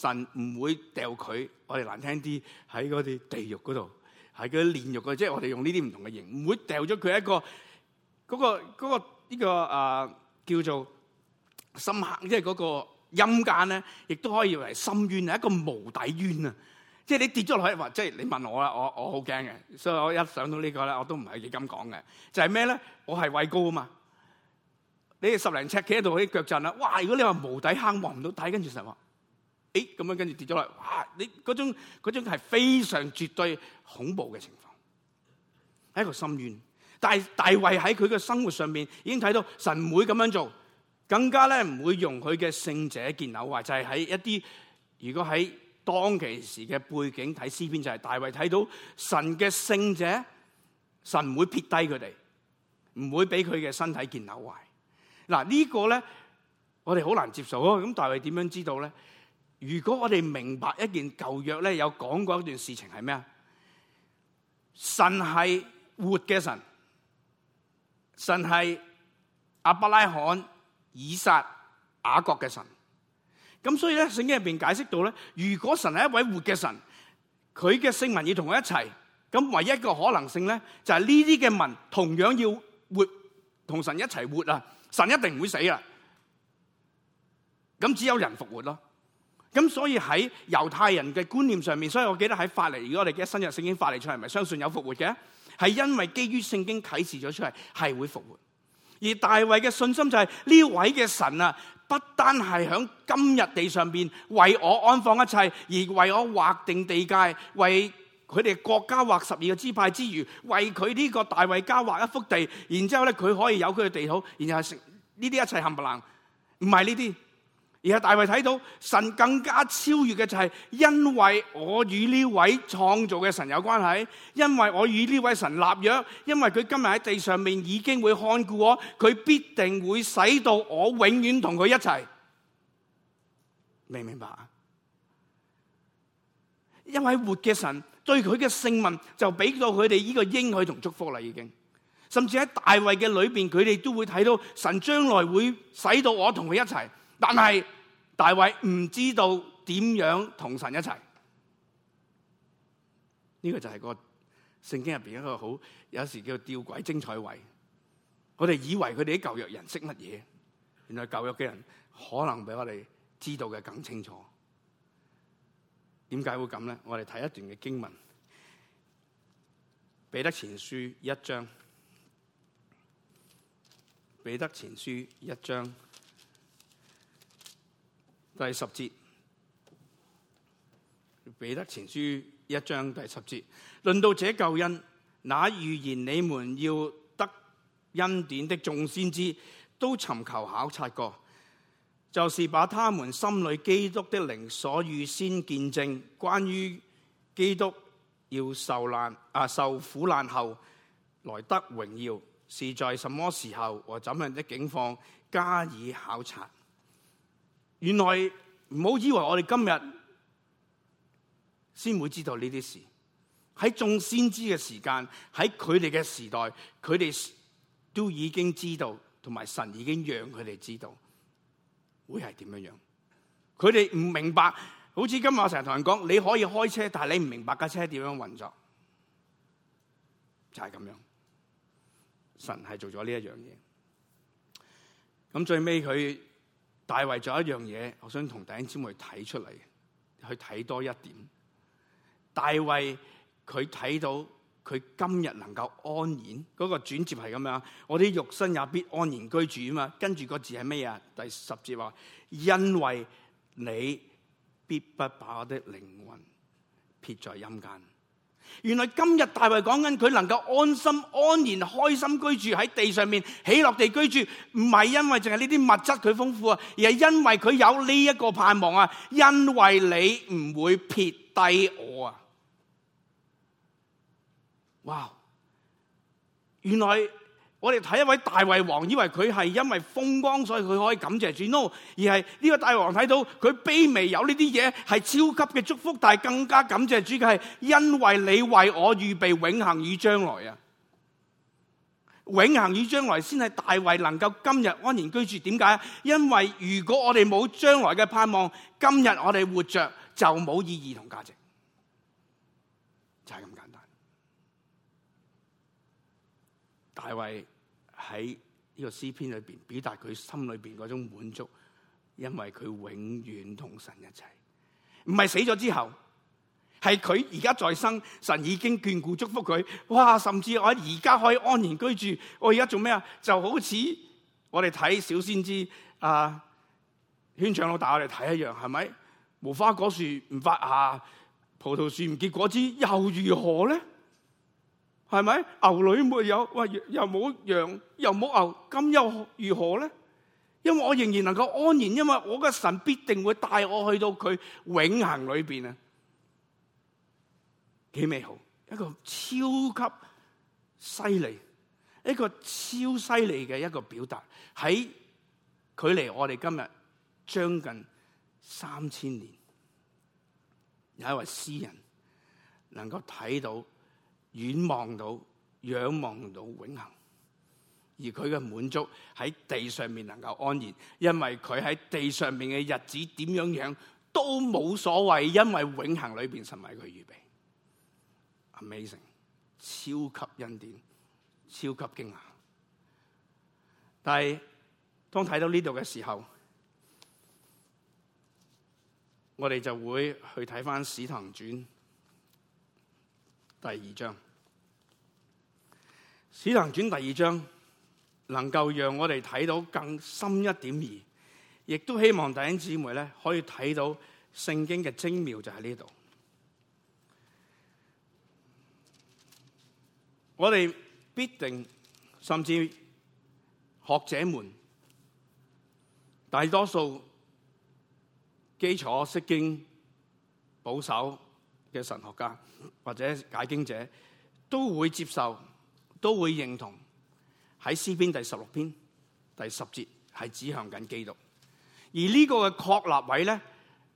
神唔會掉佢，我哋難聽啲喺嗰啲地獄嗰度，喺嗰啲煉獄嗰、就是那個那個這個啊，即係我哋用呢啲唔同嘅形，唔會掉咗佢一個嗰個呢個誒叫做深坑，即係嗰個陰間咧，亦都可以，以為深淵係一個無底淵啊！即係你跌咗落去，即係你問我啦，我我好驚嘅，所以我一想到呢、這個咧，我都唔係幾咁講嘅。就係咩咧？我係畏高啊嘛！你哋十零尺企喺度，啲腳震啊。哇！如果你話無底坑，望唔到底，跟住實話。誒，咁樣跟住跌咗落嚟，哇！你嗰種嗰種係非常絕對恐怖嘅情況，係一個深淵。但係大衛喺佢嘅生活上面已經睇到神唔會咁樣做，更加咧唔會用佢嘅聖者見朽壞。就係喺一啲如果喺當其時嘅背景睇詩篇，就係大衛睇到神嘅聖者，神唔會撇低佢哋，唔會俾佢嘅身體見朽壞。嗱，呢個咧，我哋好難接受。咁大衛點樣知道咧？如果我哋明白一件舊約咧有講過一段事情係咩啊？神係活嘅神，神係亞伯拉罕、以撒、雅各嘅神。咁所以咧聖經入邊解釋到咧，如果神係一位活嘅神，佢嘅聖民要同佢一齊，咁唯一一個可能性咧就係呢啲嘅民同樣要活，同神一齊活啊！神一定唔會死啊！咁只有人復活咯。咁所以喺猶太人嘅觀念上面，所以我記得喺法利，如果我哋嘅新約聖經法利出嚟，咪相信有復活嘅？係因為基於聖經啟示咗出嚟，係會復活。而大衛嘅信心就係、是、呢位嘅神啊，不單係喺今日地上面為我安放一切，而為我劃定地界，為佢哋國家劃十二個支派之餘，為佢呢個大衛家劃一幅地，然之後咧佢可以有佢嘅地土，然後食呢啲一切冚唪唥，唔係呢啲。而阿大衛睇到神更加超越嘅就係因為我與呢位創造嘅神有關係，因為我與呢位神立約，因為佢今日喺地上面已經會看顧我，佢必定會使到我永遠同佢一起。明唔明白？因為活嘅神對佢嘅聖民就俾到佢哋呢個應許同祝福啦，已經。甚至喺大衛嘅裏面，佢哋都會睇到神將來會使到我同佢一起。但係大衛唔知道點樣同神一齊，呢個就係個聖經入邊一個好有時叫吊詭精彩位。我哋以為佢哋啲舊約人識乜嘢，原來舊約嘅人可能比我哋知道嘅更清楚。點解會咁咧？我哋睇一段嘅經文，彼得前書一章，彼得前書一章。第十節，彼得前書一章第十節，論到這救恩，那預言你們要得恩典的眾先知，都尋求考察過，就是把他們心裏基督的靈所預先見證關於基督要受難啊受苦難，後來得榮耀，是在什麼時候和怎樣的境況加以考察。原來唔好以為我哋今日先會知道呢啲事，喺眾先知嘅時間，喺佢哋嘅時代，佢哋都已經知道，同埋神已經讓佢哋知道會係點樣。佢哋唔明白，好似今日我成日同人講，你可以開車，但係你唔明白架車點樣運作，就係咁樣。神係做咗呢一樣嘢，咁最尾佢。大衛仲有一樣嘢，我想同弟兄姊妹睇出嚟，去睇多一點。大衛佢睇到佢今日能夠安然，嗰個轉折係咁樣，我啲肉身也必安然居住啊嘛。跟住個字係咩啊？第十節話，因為你必不把我的靈魂撇在陰間。原來今日大衛講緊佢能夠安心、安然、開心居住喺地上面，喜樂地居住，唔係因為淨係呢啲物質佢豐富啊，而係因為佢有呢一個盼望啊，因為你唔會撇低我啊！哇，原來～我哋睇一位大衛王，以為佢係因為風光，所以佢可以感謝主。No，而係呢個大王睇到佢卑微，有呢啲嘢係超級嘅祝福，但係更加感謝主嘅係，因為你為我預備永恆與將來啊！永恆與將來先係大衛能夠今日安然居住。點解？因為如果我哋冇將來嘅盼望，今日我哋活着就冇意義同價值。就係、是、咁簡單，大衛。喺呢個詩篇裏邊表達佢心裏邊種滿足，因為佢永遠同神一齊，唔係死咗之後，係佢而家在生，神已經眷顧祝福佢。哇，甚至我而家可以安然居住，我而家做咩啊？就好似我哋睇小先知啊，圈長老大我哋睇一樣，係咪？無花果樹唔發芽，葡萄樹唔結果子又如何咧？係咪牛女沒有喂？又冇羊，又冇牛，咁又如何咧？因為我仍然能夠安然，因為我嘅神必定會帶我去到佢永恒裏邊啊！幾美好，一個超級犀利，一個超犀利嘅一個表達，喺距離我哋今日將近三千年，有一位詩人能夠睇到。遠望到，仰望到永恒，而佢嘅滿足喺地上面能夠安然，因為佢喺地上面嘅日子點樣樣都冇所謂，因為永恒裏邊神為佢預備，Amazing，超級恩典，超級驚訝。但係當睇到呢度嘅時候，我哋就會去睇翻《使徒行傳》。第二章，使徒行傳第二章，能夠讓我哋睇到更深一點，亦都希望弟兄姊妹可以睇到聖經嘅精妙就喺呢度。我哋必定，甚至學者們，大多數基礎識經保守，嘅神學家或者解經者都會接受，都會認同喺詩篇第十六篇第十節係指向緊基督。而呢個嘅確立位咧，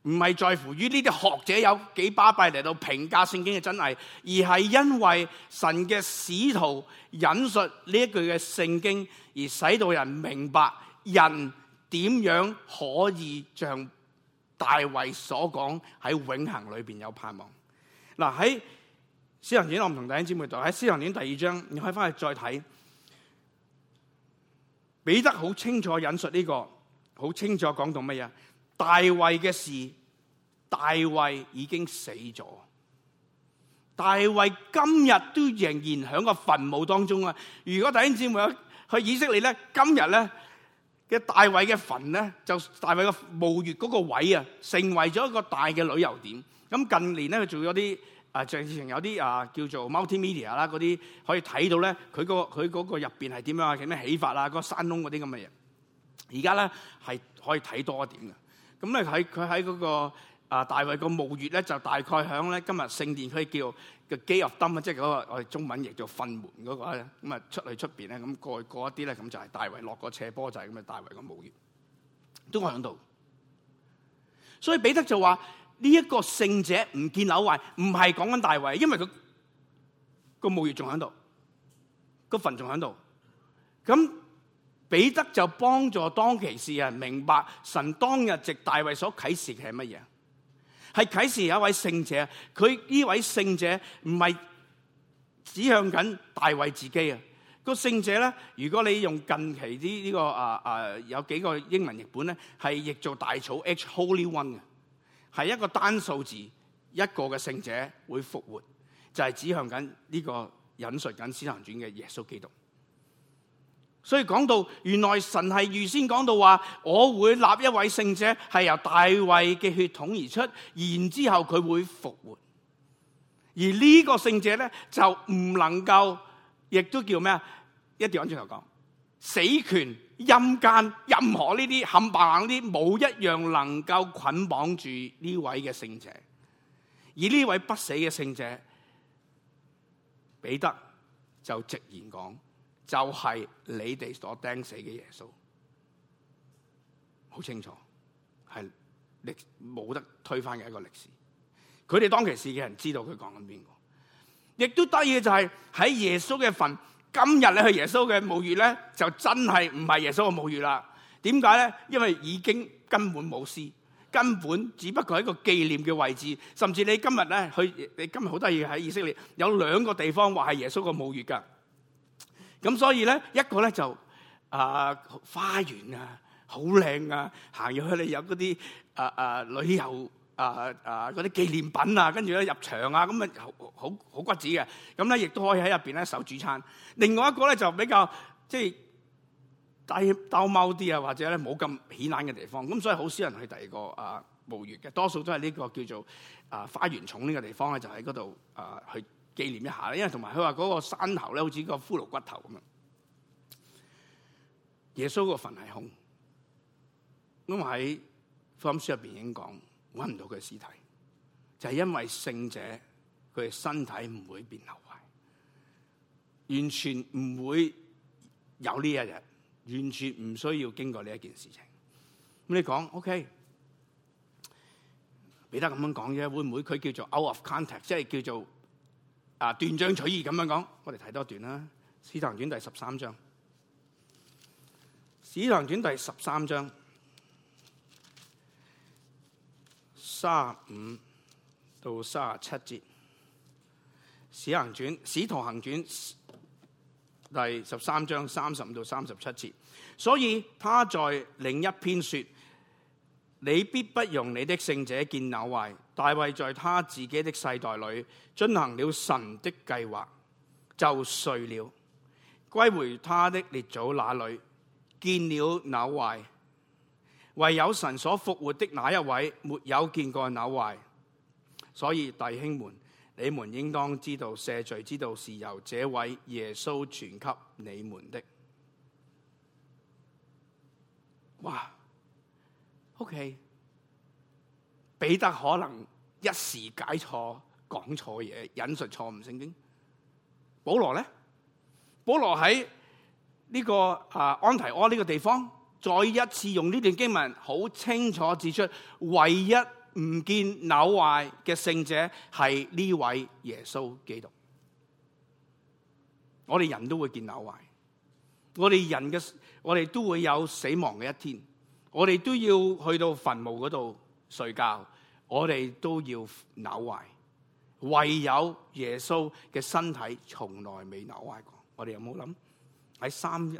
唔係在乎於呢啲學者有幾巴閉嚟到評價聖經嘅真偽，而係因為神嘅使徒引述呢一句嘅聖經，而使到人明白人點樣可以像大衛所講喺永恒裏邊有盼望。嗱喺《使徒行傳》，我唔同弟兄姊妹讀喺《使徒行傳》第二章，你可以翻去再睇。彼得好清楚引述呢個，好清楚講到乜嘢？大衛嘅事，大衛已經死咗，大衛今日都仍然喺個墳墓當中啊！如果弟兄姊妹去以色列咧，今日咧嘅大衛嘅墳咧，就大衛嘅墓穴嗰個位啊，成為咗一個大嘅旅遊點。咁近年咧，佢做咗啲啊，最近有啲啊叫做 multi-media 啦，嗰啲可以睇到咧，佢個佢嗰個入邊係點樣啊？叫咩、嗰個、起發啊？嗰個山窿嗰啲咁嘅嘢，而家咧係可以睇多一點嘅。咁咧喺佢喺嗰個啊大衛個墓穴咧，就大概響咧今日聖殿區叫 The Gate of Dung,、那個基亞墩啊，即係嗰個我哋中文亦叫糞門嗰、嗰個咧，咁、那、啊、個、出去出邊咧，咁過,過去一啲咧，咁就係大衛落個斜坡就係咁啊，大衛個墓穴。都我喺度，所以彼得就話。呢一個聖者唔見朽壞，唔係講緊大衛，因為佢個墓穴仲喺度，個墳仲喺度。咁彼得就幫助當其時嘅人明白神當日藉大衛所啟示嘅係乜嘢，係啟示有一位聖者。佢呢位聖者唔係指向緊大衛自己啊。那個聖者咧，如果你用近期啲、這、呢個啊啊有幾個英文譯本咧，係譯做大草 H Holy One 嘅。係一個單數字，一個嘅聖者會復活，就係、是、指向緊呢個引述緊《使徒行傳》嘅耶穌基督。所以講到原來神係預先講到話，我會立一位聖者係由大衛嘅血統而出，然之後佢會復活。而呢個聖者咧就唔能夠，亦都叫咩啊？一定要轉頭講。死權陰間任，任何呢啲冚唪唥啲冇一樣能夠捆綁住呢位嘅聖者，而呢位不死嘅聖者彼得就直言講，就係、是、你哋所釘死嘅耶穌，好清楚，係歷冇得推翻嘅一個歷史。佢哋當其時嘅人知道佢講緊邊個，亦都得意嘅就係喺耶穌嘅份。今日咧去耶穌嘅墓穴咧，就真係唔係耶穌嘅墓穴啦。點解咧？因為已經根本冇屍，根本只不過係一個紀念嘅位置。甚至你今日咧去，你今日好得意喺以色列有兩個地方話係耶穌嘅墓穴噶。咁所以咧，一個咧就啊花園啊，好靚啊，行入去咧有嗰啲啊啊旅遊。啊啊！嗰啲紀念品啊，跟住咧入場啊，咁啊好好骨子嘅。咁咧亦都可以喺入邊咧守主餐。另外一個咧就比較即係低兜踎啲啊，或者咧冇咁顯眼嘅地方。咁所以好少人去第二個啊墓穴嘅。多數都係呢、這個叫做啊花園冢呢個地方咧，就喺嗰度啊去紀念一下。因為同埋佢話嗰個山頭咧，好似個骷髏骨頭咁樣。耶穌個墳係空，咁喺福音書入邊已經講。揾唔到佢屍體，就係、是、因為聖者佢嘅身體唔會變後壞，完全唔會有呢一日，完全唔需要經過呢一件事情。咁你講 OK？彼得咁樣講啫，會唔會佢叫做 out of context 即係叫做啊斷章取義咁樣講？我哋睇多段啦，《使徒行傳》第十三章，《使徒行傳》第十三章。三五到三十七節，《使徒行傳》《使徒行傳》第十三章三十五到三十七節，所以他在另一篇說：你必不容你的聖者見朽壞。大衛在他自己的世代裏，遵行了神的計劃，就睡了，歸回他的列祖那裏，見了朽壞。唯有神所復活的那一位，沒有見過朽壞，所以弟兄們，你們應當知道赦罪之道是由這位耶穌傳給你們的。哇，OK，彼得可能一時解錯，講錯嘢，引述錯誤聖經。保羅呢？保羅喺呢個啊安提阿呢個地方。再一次用呢段經文，好清楚指出，唯一唔見朽壞嘅聖者係呢位耶穌基督。我哋人都會見朽壞，我哋人嘅我哋都會有死亡嘅一天，我哋都要去到墳墓嗰度睡覺，我哋都要朽壞。唯有耶穌嘅身體從來未朽壞過。我哋有冇諗喺三日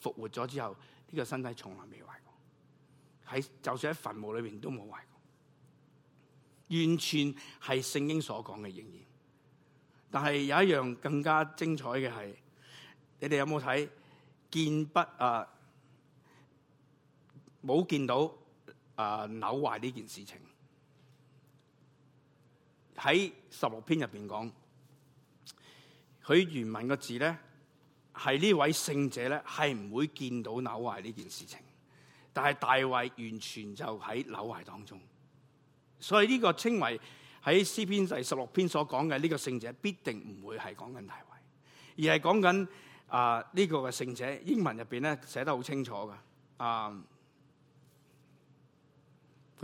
復活咗之後？呢個身體從來未壞過，就算喺墳墓裏面都冇壞過，完全係聖經所講嘅仍然。但係有一樣更加精彩嘅係你哋有冇睇見不啊？冇見到啊扭壞呢件事情喺十六篇裏面講，佢原文個字呢係呢位聖者咧，係唔會見到朽壞呢件事情，但係大衛完全就喺朽壞當中，所以呢個稱為喺詩篇第十六篇所講嘅呢個聖者，必定唔會係講緊大衛，而係講緊啊呢個嘅聖者。英文入邊咧，寫得好清楚噶。啊、呃，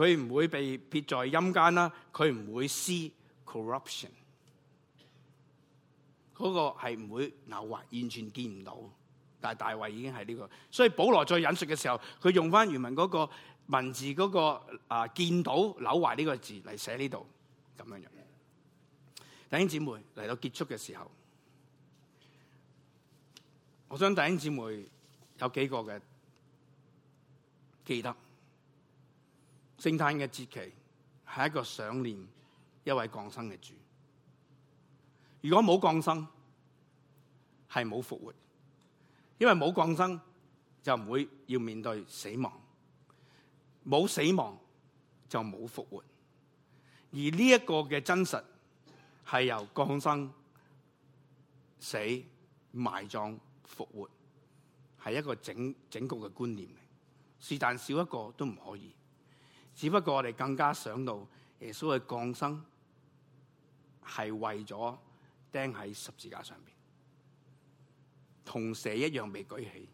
佢唔會被撇在陰間啦，佢唔會 see corruption。嗰個係唔會扭壞，完全見唔到。但係大衛已經係呢、這個，所以保羅在引述嘅時候，佢用翻原文嗰個文字嗰、那個啊，見到扭壞呢個字嚟寫呢度咁樣樣。弟兄姊妹嚟到結束嘅時候，我想弟兄姊妹有幾個嘅記得聖誕嘅節期係一個想念一位降生嘅主，如果冇降生，係冇復活，因為冇降生就唔會要面對死亡，冇死亡就冇復活，而呢一個嘅真實係由降生、死、埋葬、復活，係一個整整個嘅觀念嚟，是但少一個都唔可以。只不過我哋更加想到耶穌嘅降生係為咗。釘喺十字架上邊，同蛇一樣被舉起。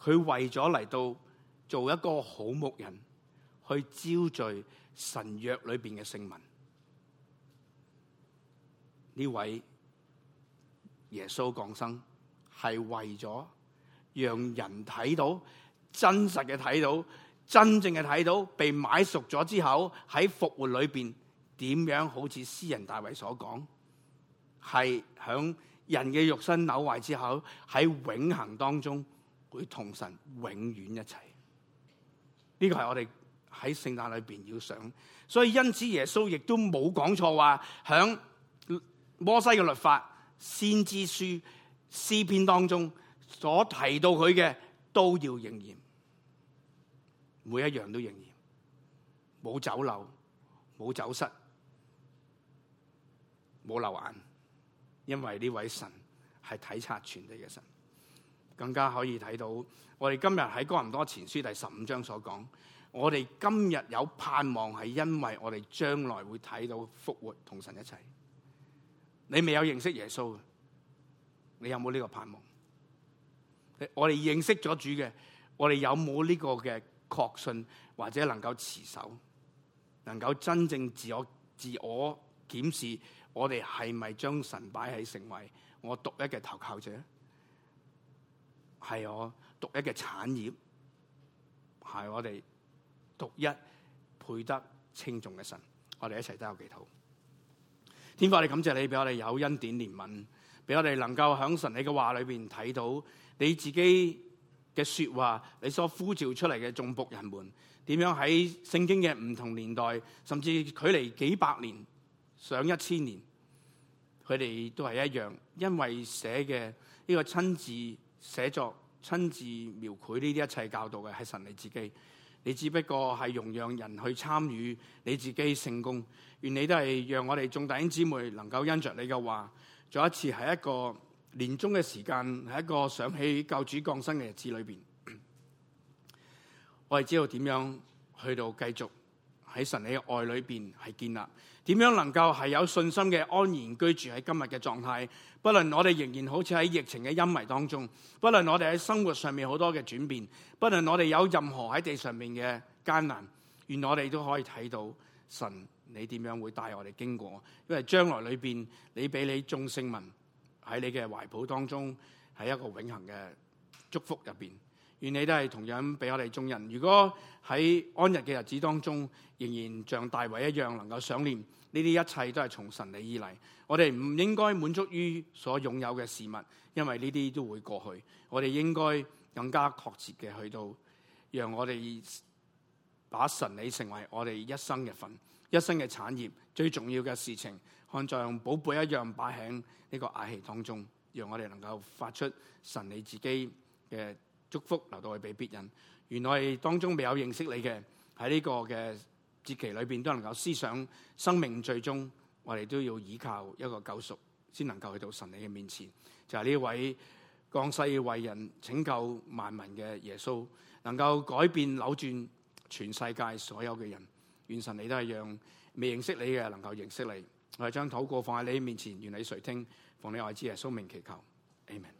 佢為咗嚟到做一個好牧人，去招聚神約裏邊嘅聖民。呢位耶穌降生係為咗讓人睇到真實嘅，睇到真正嘅，睇到，被買贖咗之後喺復活裏邊點樣好似詩人大衛所講。係喺人嘅肉身扭壞之後，喺永恒當中會同神永遠一齊。呢、這個係我哋喺聖誕裏邊要想，所以因此耶穌亦都冇講錯話，響摩西嘅律法、先知書、詩篇當中所提到佢嘅都要應驗，每一樣都應驗，冇走漏，冇走失，冇漏眼。因為呢位神係體察全地嘅神，更加可以睇到我哋今日喺哥林多前書第十五章所講，我哋今日有盼望，係因為我哋將來會睇到復活同神一齊。你未有認識耶穌，你有冇呢個盼望？我哋認識咗主嘅，我哋有冇呢個嘅確信，或者能夠持守，能夠真正自我自我檢視？我哋係咪將神擺喺成為我獨一嘅投靠者？係我獨一嘅產業，係我哋獨一配得稱重嘅神。我哋一齊都有祈禱。天父，我哋感謝你俾我哋有恩典憐憫，俾我哋能夠喺神你嘅話裏面睇到你自己嘅說話，你所呼召出嚟嘅眾僕人們點樣喺聖經嘅唔同年代，甚至距離幾百年。上一千年，佢哋都係一樣，因為寫嘅呢個親自寫作、親自描繪呢啲一切教導嘅係神你自己。你只不過係容讓人去參與你自己聖功，願你都係讓我哋眾弟兄姊妹能夠因着你嘅話，再一次喺一個年終嘅時間，喺一個想起教主降生嘅日子裏邊，我哋知道點樣去到繼續喺神你嘅愛裏邊係建立。點樣能夠係有信心嘅安然居住喺今日嘅狀態？不論我哋仍然好似喺疫情嘅陰霾當中，不論我哋喺生活上面好多嘅轉變，不論我哋有任何喺地上面嘅艱難，願我哋都可以睇到神，你點樣會帶我哋經過？因為將來裏邊，你俾你眾聖民喺你嘅懷抱當中，係一個永恒嘅祝福入邊。願你都係同樣俾我哋眾人。如果喺安逸嘅日子當中，仍然像大衛一樣能夠想念。呢啲一切都係從神你以來，我哋唔應該滿足於所擁有嘅事物，因為呢啲都會過去。我哋應該更加確切嘅去到，讓我哋把神你成為我哋一生嘅份、一生嘅產業。最重要嘅事情，看像寶貝一樣擺喺呢個瓦器當中，讓我哋能夠發出神你自己嘅祝福，留到去俾別人。原來係當中未有認識你嘅喺呢個嘅。節期裏面都能夠思想生命最終，我哋都要依靠一個救贖，先能夠去到神你嘅面前。就係呢位降世為人拯救萬民嘅耶穌，能夠改變扭轉全世界所有嘅人。願神你都係讓未認識你嘅能夠認識你。我哋將禱告放喺你面前，願你垂聽，奉你愛子耶穌名祈求，amen